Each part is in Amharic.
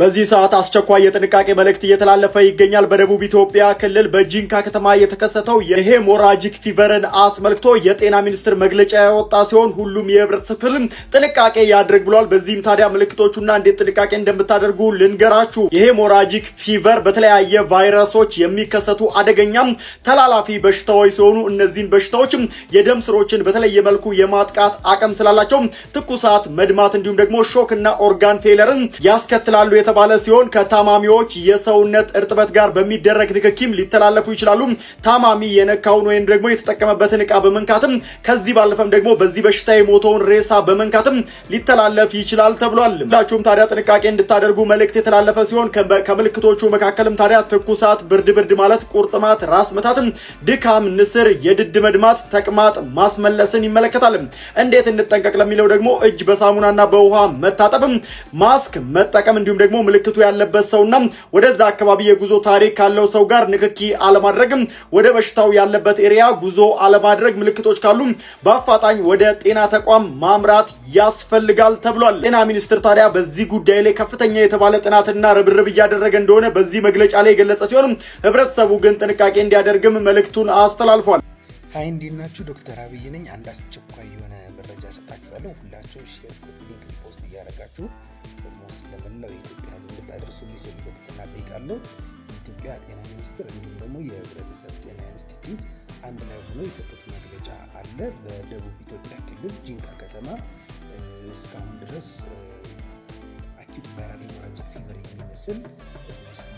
በዚህ ሰዓት አስቸኳይ የጥንቃቄ መልእክት እየተላለፈ ይገኛል። በደቡብ ኢትዮጵያ ክልል በጂንካ ከተማ የተከሰተው የሄሞራጂክ ፊቨርን አስመልክቶ የጤና ሚኒስቴር መግለጫ ያወጣ ሲሆን ሁሉም የህብረተሰብ ክፍልም ጥንቃቄ ያድርግ ብሏል። በዚህም ታዲያ ምልክቶቹና እንዴት ጥንቃቄ እንደምታደርጉ ልንገራችሁ። የሄሞራጂክ ፊቨር በተለያየ ቫይረሶች የሚከሰቱ አደገኛም ተላላፊ በሽታዎች ሲሆኑ እነዚህን በሽታዎችም የደም ስሮችን በተለየ መልኩ የማጥቃት አቅም ስላላቸው ትኩሳት፣ መድማት እንዲሁም ደግሞ እና ኦርጋን ፌለርን ያስከትላሉ። የተባለ ሲሆን ከታማሚዎች የሰውነት እርጥበት ጋር በሚደረግ ንክኪም ሊተላለፉ ይችላሉ። ታማሚ የነካውን ወይም ደግሞ የተጠቀመበትን እቃ በመንካትም ከዚህ ባለፈም ደግሞ በዚህ በሽታ የሞተውን ሬሳ በመንካትም ሊተላለፍ ይችላል ተብሏል። ሁላችሁም ታዲያ ጥንቃቄ እንድታደርጉ መልእክት የተላለፈ ሲሆን ከምልክቶቹ መካከልም ታዲያ ትኩሳት፣ ብርድ ብርድ ማለት፣ ቁርጥማት፣ ራስ ምታትም፣ ድካም፣ ንስር፣ የድድ መድማት፣ ተቅማጥ፣ ማስመለስን ይመለከታል። እንዴት እንጠንቀቅ ለሚለው ደግሞ እጅ በሳሙናና በውሃ መታጠብም፣ ማስክ መጠቀም እንዲሁም ደግሞ ምልክቱ ያለበት ሰውና ወደዛ አካባቢ የጉዞ ታሪክ ካለው ሰው ጋር ንክኪ አለማድረግም፣ ወደ በሽታው ያለበት ኤሪያ ጉዞ አለማድረግ ምልክቶች ካሉ በአፋጣኝ ወደ ጤና ተቋም ማምራት ያስፈልጋል ተብሏል። ጤና ሚኒስቴር ታዲያ በዚህ ጉዳይ ላይ ከፍተኛ የተባለ ጥናትና ርብርብ እያደረገ እንደሆነ በዚህ መግለጫ ላይ የገለጸ ሲሆን ህብረተሰቡ ግን ጥንቃቄ እንዲያደርግም መልእክቱን አስተላልፏል። ሀይ እንዲናችሁ ናችሁ? ዶክተር አብይ ነኝ። አንድ አስቸኳይ የሆነ መረጃ ሰጣችኋለሁ። ሁላችሁ ሼር፣ ሊንክ፣ ፖስት እያደረጋችሁ ደግሞ ስለመላው የኢትዮጵያ ሕዝብ እንድታደርሱልኝ ስል በትትና እጠይቃለሁ። የኢትዮጵያ ጤና ሚኒስቴር እንዲሁም ደግሞ የህብረተሰብ ጤና ኢንስቲትዩት አንድ ላይ ሆኖ የሰጡት መግለጫ አለ። በደቡብ ኢትዮጵያ ክልል ጂንካ ከተማ እስካሁን ድረስ ሄሞሮጂክ ቫይራል ሄሞራጂክ ፊቨር የሚመስል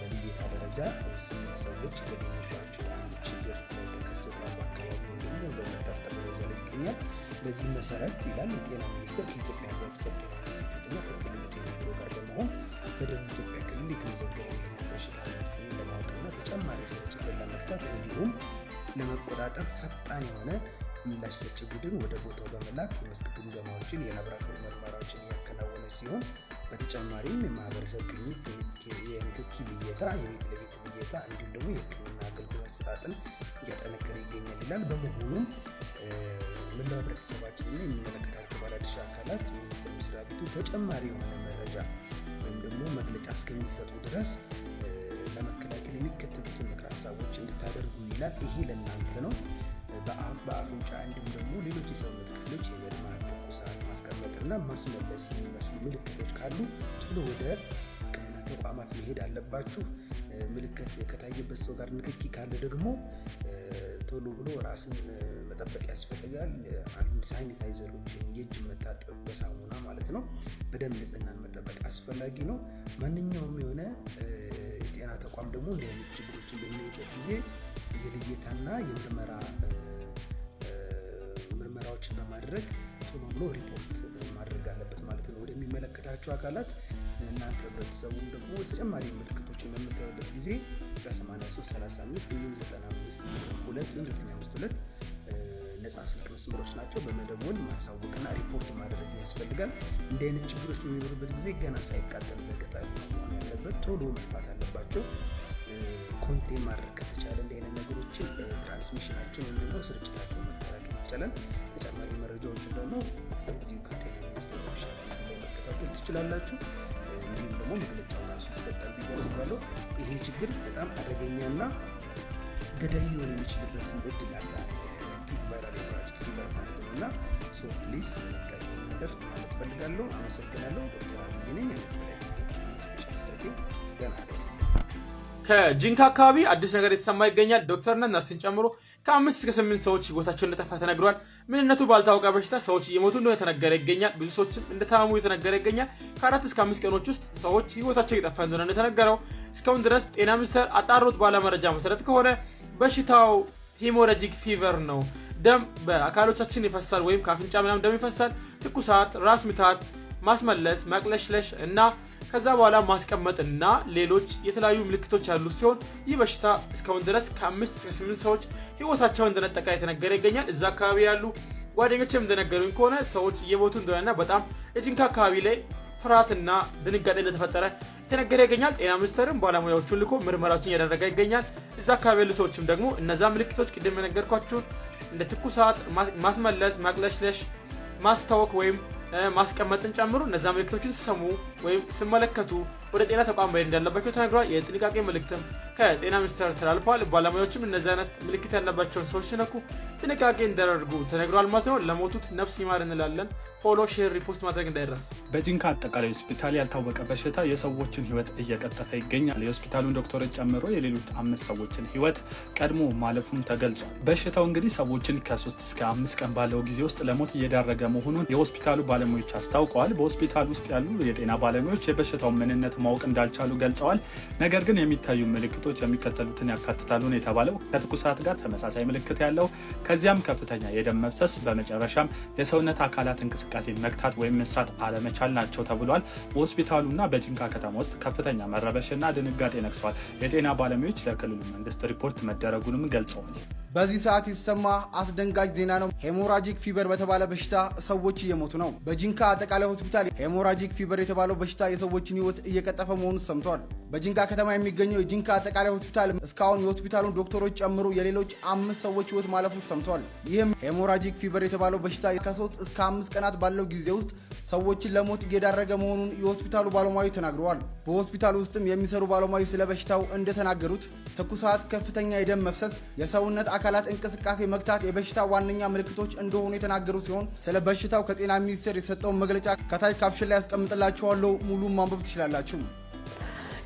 በልየታ ደረጃ ስምንት ሰዎች የተገኘባቸው ችግር ተከሰተ። በአካባቢ ደግሞ በመጠርጠር ደረጃ ላይ ይገኛል። በዚህ መሰረት ይላል የጤና ሚኒስቴር ከኢትዮጵያ ሕብረተሰብ ጤና ኢንስቲትዩትና ከክልሉ ጤና ቢሮ ጋር በመሆን በደቡብ ኢትዮጵያ ክልል የተመዘገበ የተመዘገበው በሽታ መንስኤ ለማወቅና ተጨማሪ ስርጭትን ለመግታት እንዲሁም ለመቆጣጠር ፈጣን የሆነ ምላሽ ሰጪ ቡድን ወደ ቦታው በመላክ የመስክ ግምገማዎችን፣ የላብራቶሪ ምርመራዎችን እያከናወነ ሲሆን በተጨማሪም የማህበረሰብ ቅኝት፣ የንክኪ ልየታ፣ የቤት ለቤት ልየታ እንዲሁም ደግሞ የህክምና አገልግሎት አሰጣጥን እያጠነከረ ይገኛል ይላል። በመሆኑም መላው ህብረተሰባችንና የሚመለከታቸው ባለድርሻ አካላት የሚኒስቴር መስሪያ ቤቱ ተጨማሪ የሆነ መረጃ ወይም ደግሞ መግለጫ እስከሚሰጡ ድረስ ለመከላከል የሚከተሉትን ምክር ሀሳቦች እንድታደርጉ ይላል። ይሄ ለእናንተ ነው። በአፍ በአፍንጫ እንዲሁም ደግሞ ሌሎች የሰውነት ክፍሎች የመድማት ሰዓት ማስቀመጥና ማስመለስ የሚመስሉ ምልክቶች ካሉ ቶሎ ወደ ሕክምና ተቋማት መሄድ አለባችሁ። ምልክት ከታየበት ሰው ጋር ንክኪ ካለ ደግሞ ቶሎ ብሎ ራስን መጠበቅ ያስፈልጋል። አንድ ሳኒታይዘሮች፣ የእጅ መታጠብ በሳሙና ማለት ነው። በደንብ ንጽህናን መጠበቅ አስፈላጊ ነው። ማንኛውም የሆነ የጤና ተቋም ደግሞ እንዲህ አይነት ችግሮችን በሚሄበት ጊዜ የልየታና የምርመራ ምርመራዎችን በማድረግ እውነቱን አምኖ ሪፖርት ማድረግ አለበት ማለት ነው ወደሚመለከታቸው አካላት። እናንተ ህብረተሰቡም ደግሞ ተጨማሪ ምልክቶችን በምታዩበት ጊዜ በ8335 እንዲሁም 95 ነጻ ስልክ መስመሮች ናቸው። በመደወል ማሳወቅና ሪፖርት ማድረግ ያስፈልጋል። እንደ አይነት ችግሮች በሚኖሩበት ጊዜ ገና ሳይቃጠል በቀጣይ መሆን ያለበት ቶሎ መጥፋት አለባቸው። ኮንቴን ማድረግ ከተቻለ እንዲህ አይነት ነገሮችን ትራንስሚሽናቸውን ወይም ደግሞ ስርጭታቸውን መከላከል ከተቻለ ተጨማሪ መረጃዎችን ደግሞ እዚሁ ከጤና ሚኒስቴር ኦፊሻል ላይ መከታተል ትችላላችሁ። እንዲሁም ደግሞ መግለጫው ራሱ ይሰጣል ብዬ አስባለሁ። ይሄ ችግር በጣም አደገኛና ገዳይ ሊሆን የሚችልበት እድል አለ። ቲት ቫይራል ሄሞራጂክ ፊቨር ማለት ነው እና ሶ ፕሊዝ ጥንቃቄ ነገር ማለት ፈልጋለሁ። አመሰግናለሁ። ዶክተር አብይ ነኝ። ስፔሻሊስታችሁ ገና ከጂንካ አካባቢ አዲስ ነገር የተሰማ ይገኛል። ዶክተርና ነርሲን ጨምሮ ከአምስት እስከ ስምንት ሰዎች ህይወታቸው እንደጠፋ ተነግሯል። ምንነቱ ባልታወቀ በሽታ ሰዎች እየሞቱ እንደሆነ የተነገረ ይገኛል። ብዙ ሰዎችም እንደታመሙ የተነገረ ይገኛል። ከአራት እስከ አምስት ቀኖች ውስጥ ሰዎች ህይወታቸው እየጠፋ እንደሆነ እንደተነገረው እስካሁን ድረስ ጤና ሚኒስቴር አጣሮት ባለመረጃ መሰረት ከሆነ በሽታው ሂሞራጂክ ፊቨር ነው። ደም በአካሎቻችን ይፈሳል፣ ወይም ከአፍንጫ ምናምን ደም ይፈሳል። ትኩሳት፣ ራስ ምታት፣ ማስመለስ፣ መቅለሽለሽ እና ከዛ በኋላ ማስቀመጥ እና ሌሎች የተለያዩ ምልክቶች ያሉት ሲሆን ይህ በሽታ እስካሁን ድረስ ከአምስት እስከ ስምንት ሰዎች ህይወታቸውን እንደነጠቀ የተነገረ ይገኛል። እዛ አካባቢ ያሉ ጓደኞችም እንደነገሩኝ ከሆነ ሰዎች እየሞቱ እንደሆነና በጣም እጅንካ አካባቢ ላይ ፍርሃትና ድንጋጤ እንደተፈጠረ የተነገረ ይገኛል። ጤና ሚኒስቴርም ባለሙያዎቹን ልኮ ምርመራዎችን እያደረገ ይገኛል። እዛ አካባቢ ያሉ ሰዎችም ደግሞ እነዛ ምልክቶች ቅድም የነገርኳችሁን እንደ ትኩሳት፣ ማስመለስ፣ ማቅለሽለሽ፣ ማስታወክ ወይም ማስቀመጥን ጨምሮ እነዛ ምልክቶችን ስሰሙ ወይም ሲመለከቱ ወደ ጤና ተቋም መሄድ እንዳለባቸው ተነግሯል። የጥንቃቄ ምልክትም ከጤና ሚኒስቴር ተላልፏል። ባለሙያዎችም እነዚህ አይነት ምልክት ያለባቸውን ሰዎች ሲነኩ ጥንቃቄ እንዲያደርጉ ተነግሯል ማለት ነው። ለሞቱት ነፍስ ይማር እንላለን። ፎሎ፣ ሼር፣ ሪፖስት ማድረግ እንዳይረስ። በጂንካ አጠቃላይ ሆስፒታል ያልታወቀ በሽታ የሰዎችን ህይወት እየቀጠፈ ይገኛል። የሆስፒታሉን ዶክተሮች ጨምሮ የሌሎች አምስት ሰዎችን ህይወት ቀድሞ ማለፉም ተገልጿል። በሽታው እንግዲህ ሰዎችን ከሶስት እስከ አምስት ቀን ባለው ጊዜ ውስጥ ለሞት እየዳረገ መሆኑን የሆስፒታሉ ባለሙያዎች አስታውቀዋል። በሆስፒታል ውስጥ ያሉ የጤና ባለሙያዎች የበሽታው ምንነት ማወቅ እንዳልቻሉ ገልጸዋል። ነገር ግን የሚታዩ ምልክቶች ምልክቶች የሚከተሉትን ያካትታሉ ነው የተባለው። ከትኩሳት ጋር ተመሳሳይ ምልክት ያለው፣ ከዚያም ከፍተኛ የደም መፍሰስ፣ በመጨረሻም የሰውነት አካላት እንቅስቃሴ መግታት ወይም መስራት አለመቻል ናቸው ተብሏል። በሆስፒታሉና በጅንካ ከተማ ውስጥ ከፍተኛ መረበሽና ድንጋጤ ነግሷል። የጤና ባለሙያዎች ለክልሉ መንግስት ሪፖርት መደረጉንም ገልጸዋል። በዚህ ሰዓት የተሰማ አስደንጋጭ ዜና ነው። ሄሞራጂክ ፊበር በተባለ በሽታ ሰዎች እየሞቱ ነው። በጂንካ አጠቃላይ ሆስፒታል ሄሞራጂክ ፊበር የተባለው በሽታ የሰዎችን ሕይወት እየቀጠፈ መሆኑ ሰምቷል። በጂንካ ከተማ የሚገኘው የጂንካ አጠቃላይ ሆስፒታል እስካሁን የሆስፒታሉን ዶክተሮች ጨምሮ የሌሎች አምስት ሰዎች ሕይወት ማለፉ ሰምቷል። ይህም ሄሞራጂክ ፊበር የተባለው በሽታ ከሶስት እስከ አምስት ቀናት ባለው ጊዜ ውስጥ ሰዎችን ለሞት እየዳረገ መሆኑን የሆስፒታሉ ባለሙያዎች ተናግረዋል። በሆስፒታሉ ውስጥም የሚሰሩ ባለሙያዎች ስለ በሽታው እንደተናገሩት ትኩሳት፣ ከፍተኛ የደም መፍሰስ፣ የሰውነት አካላት እንቅስቃሴ መግታት የበሽታ ዋነኛ ምልክቶች እንደሆኑ የተናገሩ ሲሆን ስለ በሽታው ከጤና ሚኒስቴር የተሰጠውን መግለጫ ከታች ካፕሽን ላይ ያስቀምጥላችኋለሁ። ሙሉን ማንበብ ትችላላችሁ።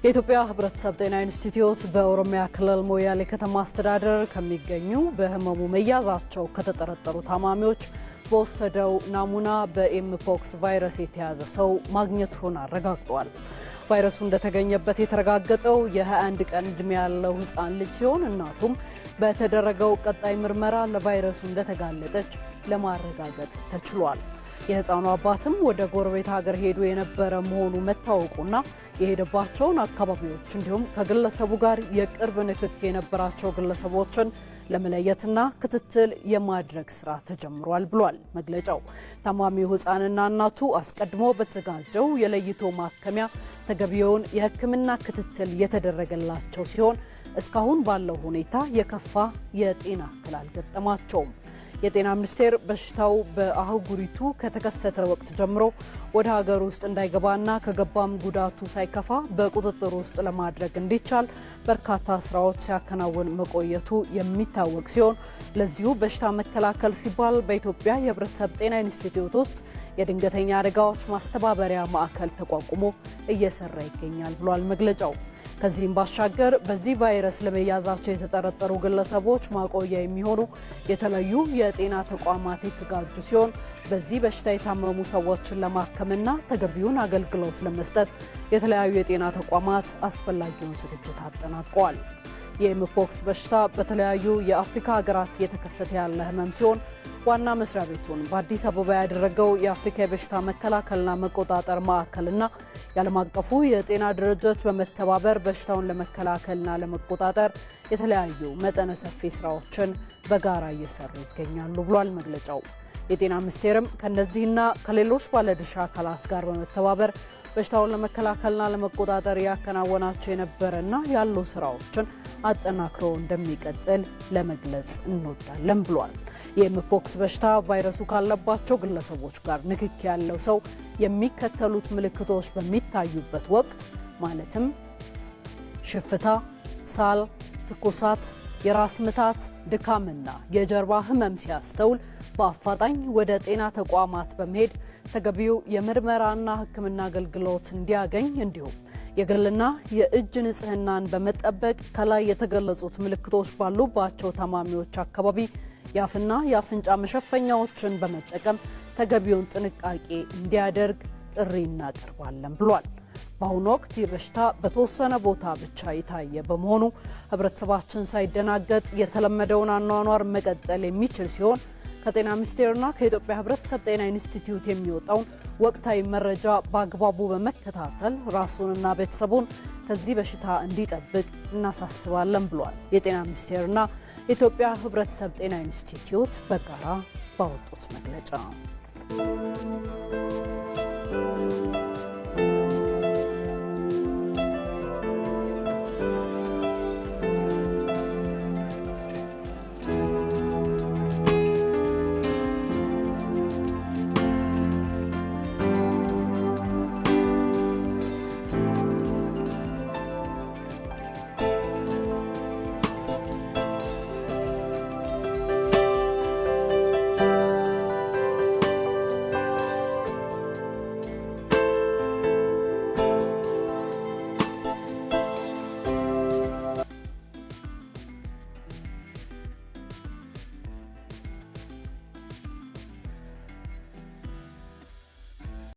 የኢትዮጵያ ሕብረተሰብ ጤና ኢንስቲትዩት በኦሮሚያ ክልል ሞያሌ ከተማ አስተዳደር ከሚገኙ በህመሙ መያዛቸው ከተጠረጠሩ ታማሚዎች በወሰደው ናሙና በኤምፖክስ ቫይረስ የተያዘ ሰው ማግኘቱን አረጋግጧል። ቫይረሱ እንደተገኘበት የተረጋገጠው የ21 ቀን እድሜ ያለው ህፃን ልጅ ሲሆን እናቱም በተደረገው ቀጣይ ምርመራ ለቫይረሱ እንደተጋለጠች ለማረጋገጥ ተችሏል። የህፃኑ አባትም ወደ ጎረቤት ሀገር ሄዶ የነበረ መሆኑ መታወቁና የሄደባቸውን አካባቢዎች እንዲሁም ከግለሰቡ ጋር የቅርብ ንክክ የነበራቸው ግለሰቦችን ለመለየትና ክትትል የማድረግ ስራ ተጀምሯል ብሏል መግለጫው። ታማሚው ህፃንና እናቱ አስቀድሞ በተዘጋጀው የለይቶ ማከሚያ ተገቢውን የህክምና ክትትል የተደረገላቸው ሲሆን እስካሁን ባለው ሁኔታ የከፋ የጤና እክል አልገጠማቸውም። የጤና ሚኒስቴር በሽታው በአህጉሪቱ ከተከሰተ ወቅት ጀምሮ ወደ ሀገር ውስጥ እንዳይገባና ከገባም ጉዳቱ ሳይከፋ በቁጥጥር ውስጥ ለማድረግ እንዲቻል በርካታ ስራዎች ሲያከናውን መቆየቱ የሚታወቅ ሲሆን ለዚሁ በሽታ መከላከል ሲባል በኢትዮጵያ የሕብረተሰብ ጤና ኢንስቲትዩት ውስጥ የድንገተኛ አደጋዎች ማስተባበሪያ ማዕከል ተቋቁሞ እየሰራ ይገኛል ብሏል መግለጫው። ከዚህም ባሻገር በዚህ ቫይረስ ለመያዛቸው የተጠረጠሩ ግለሰቦች ማቆያ የሚሆኑ የተለዩ የጤና ተቋማት የተዘጋጁ ሲሆን በዚህ በሽታ የታመሙ ሰዎችን ለማከምና ተገቢውን አገልግሎት ለመስጠት የተለያዩ የጤና ተቋማት አስፈላጊውን ዝግጅት አጠናቀዋል። የኤምፖክስ በሽታ በተለያዩ የአፍሪካ ሀገራት እየተከሰተ ያለ ህመም ሲሆን ዋና መስሪያ ቤቱን በአዲስ አበባ ያደረገው የአፍሪካ የበሽታ መከላከልና መቆጣጠር ማዕከልና የዓለም አቀፉ የጤና ድርጅት በመተባበር በሽታውን ለመከላከልና ለመቆጣጠር የተለያዩ መጠነ ሰፊ ስራዎችን በጋራ እየሰሩ ይገኛሉ ብሏል መግለጫው። የጤና ሚኒስቴርም ከእነዚህና ከሌሎች ባለድርሻ አካላት ጋር በመተባበር በሽታውን ለመከላከልና ለመቆጣጠር ያከናወናቸው የነበረና ያሉ ስራዎችን አጠናክሮ እንደሚቀጥል ለመግለጽ እንወዳለን ብሏል። የምፖክስ በሽታ ቫይረሱ ካለባቸው ግለሰቦች ጋር ንክክ ያለው ሰው የሚከተሉት ምልክቶች በሚታዩበት ወቅት ማለትም ሽፍታ፣ ሳል፣ ትኩሳት፣ የራስ ምታት፣ ድካምና የጀርባ ህመም ሲያስተውል በአፋጣኝ ወደ ጤና ተቋማት በመሄድ ተገቢው የምርመራና ሕክምና አገልግሎት እንዲያገኝ እንዲሁም የግልና የእጅ ንጽህናን በመጠበቅ ከላይ የተገለጹት ምልክቶች ባሉባቸው ታማሚዎች አካባቢ የአፍና የአፍንጫ መሸፈኛዎችን በመጠቀም ተገቢውን ጥንቃቄ እንዲያደርግ ጥሪ እናቀርባለን ብሏል። በአሁኑ ወቅት ይህ በሽታ በተወሰነ ቦታ ብቻ የታየ በመሆኑ ህብረተሰባችን ሳይደናገጥ የተለመደውን አኗኗር መቀጠል የሚችል ሲሆን ከጤና ሚኒስቴርና ከኢትዮጵያ ሕብረተሰብ ጤና ኢንስቲትዩት የሚወጣውን ወቅታዊ መረጃ በአግባቡ በመከታተል ራሱንና ቤተሰቡን ከዚህ በሽታ እንዲጠብቅ እናሳስባለን ብሏል። የጤና ሚኒስቴርና የኢትዮጵያ ሕብረተሰብ ጤና ኢንስቲትዩት በጋራ ባወጡት መግለጫ